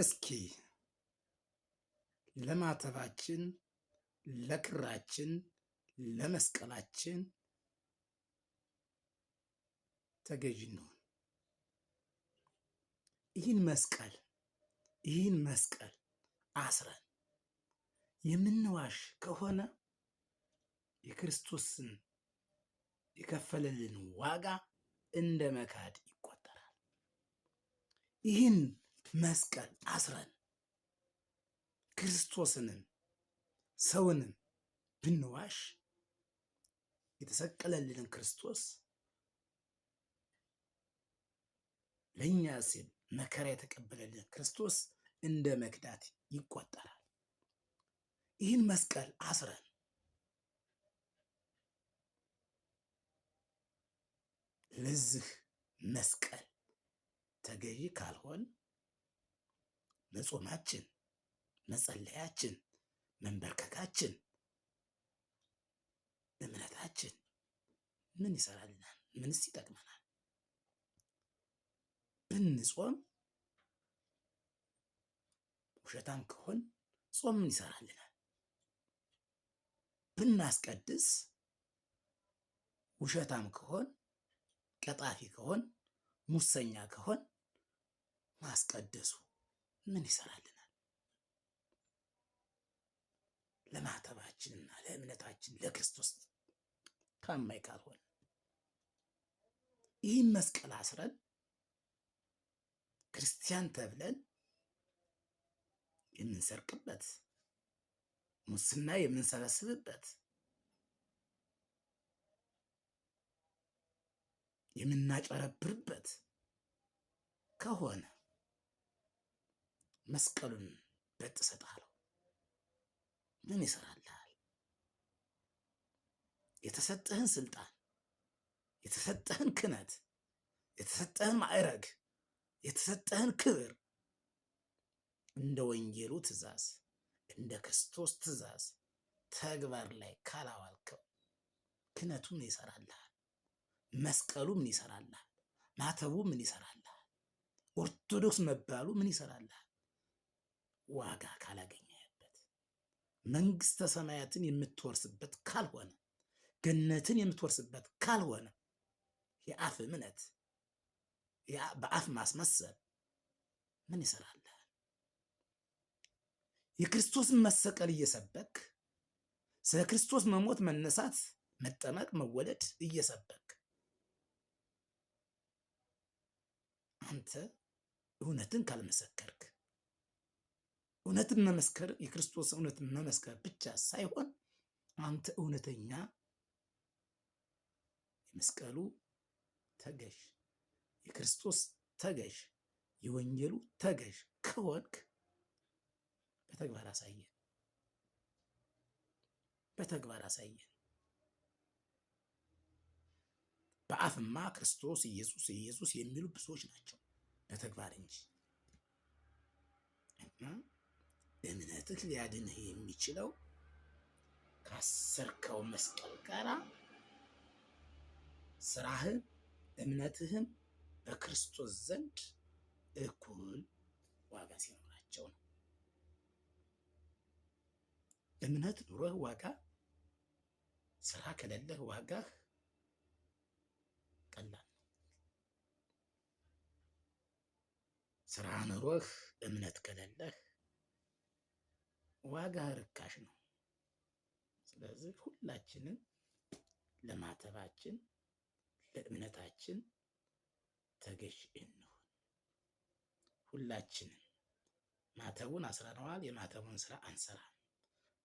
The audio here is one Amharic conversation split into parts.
እስኪ ለማተባችን፣ ለክራችን፣ ለመስቀላችን ተገዥ እንሆን። ይህን መስቀል ይህን መስቀል አስረን የምንዋሽ ከሆነ የክርስቶስን የከፈለልን ዋጋ እንደ መካድ ይቆጠራል። ይህን መስቀል አስረን ክርስቶስንም ሰውንም ብንዋሽ የተሰቀለልንን ክርስቶስ ለእኛ ሲል መከራ የተቀበለልን ክርስቶስ እንደ መክዳት ይቆጠራል። ይህን መስቀል አስረን ለዚህ መስቀል ተገዢ ካልሆን መጾማችን፣ መጸለያችን፣ መንበርከካችን፣ እምነታችን ምን ይሰራልናል? ምንስ ይጠቅመናል? ብንጾም ውሸታም ከሆን ጾም ምን ይሰራልናል? ብናስቀድስ ውሸታም ከሆን ቀጣፊ ከሆን ሙሰኛ ከሆን ማስቀደሱ ምን ይሰራልናል? ለማተባችንና ለእምነታችን ለክርስቶስ ታማኝ ካልሆነ ይህን መስቀል አስረን ክርስቲያን ተብለን የምንሰርቅበት ሙስና የምንሰበስብበት የምናጨረብርበት ከሆነ መስቀሉን በጥሰጣለው? ምን ይሰራልሃል? የተሰጠህን ስልጣን፣ የተሰጠህን ክነት፣ የተሰጠህን ማዕረግ፣ የተሰጠህን ክብር እንደ ወንጌሉ ትእዛዝ፣ እንደ ክርስቶስ ትእዛዝ ተግባር ላይ ካላዋልከው ክነቱ ምን ይሰራልሃል? መስቀሉ ምን ይሰራልሃል? ማተቡ ምን ይሰራልሃል? ኦርቶዶክስ መባሉ ምን ይሰራልሃል? ዋጋ ካላገኘህበት፣ መንግስተ ሰማያትን የምትወርስበት ካልሆነ፣ ገነትን የምትወርስበት ካልሆነ የአፍ እምነት በአፍ ማስመሰል ምን ይሰራልህ? የክርስቶስን መሰቀል እየሰበክ ስለ ክርስቶስ መሞት፣ መነሳት፣ መጠመቅ፣ መወለድ እየሰበክ አንተ እውነትን ካልመሰከርክ እውነትን መመስከር የክርስቶስ እውነትን መመስከር ብቻ ሳይሆን አንተ እውነተኛ የመስቀሉ ተገዥ የክርስቶስ ተገዥ የወንጌሉ ተገዥ ከወንክ በተግባር አሳየን፣ በተግባር አሳየን። በአፍማ ክርስቶስ ኢየሱስ ኢየሱስ የሚሉ ብዙዎች ናቸው፣ በተግባር እንጂ እምነትህ ሊያድንህ የሚችለው ካሰርከው መስቀል ጋር ስራህን እምነትህም በክርስቶስ ዘንድ እኩል ዋጋ ሲኖራቸው ነው። እምነት ኑሮህ ዋጋ፣ ስራ ከሌለህ ዋጋህ ቀላል ነው። ስራ ኑሮህ እምነት ከሌለህ ዋጋ ርካሽ ነው። ስለዚህ ሁላችንም ለማተባችን ለእምነታችን ተገዥ እንሁን። ሁላችንም ማተቡን አስረነዋል፣ የማተቡን ስራ አንሰራም።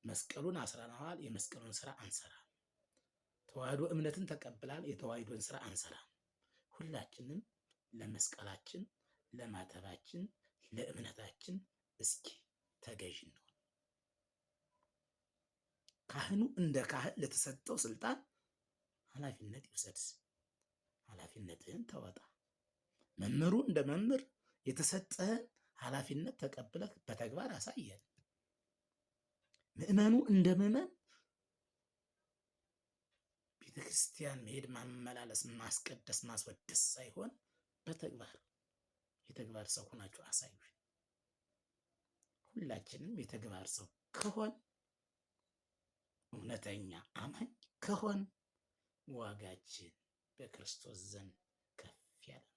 መስቀሉን አስረነዋል፣ የመስቀሉን ስራ አንሰራም። ተዋህዶ እምነትን ተቀብላል፣ የተዋህዶን ስራ አንሰራም። ሁላችንም ለመስቀላችን፣ ለማተባችን፣ ለእምነታችን እስኪ ተገዥ ነው። ካህኑ እንደ ካህን ለተሰጠው ስልጣን ኃላፊነት ይውሰድ፣ ኃላፊነትህን ተወጣ። መምህሩ እንደ መምህር የተሰጠህን ኃላፊነት ተቀብለህ በተግባር አሳየን። ምእመኑ እንደ ምዕመን ቤተ ክርስቲያን መሄድ፣ ማመላለስ፣ ማስቀደስ፣ ማስወደስ ሳይሆን በተግባር የተግባር ሰው ሆናችሁ አሳዩ። ሁላችንም የተግባር ሰው ከሆን እውነተኛ አማኝ ከሆን ዋጋችን በክርስቶስ ዘንድ ከፍ ያለ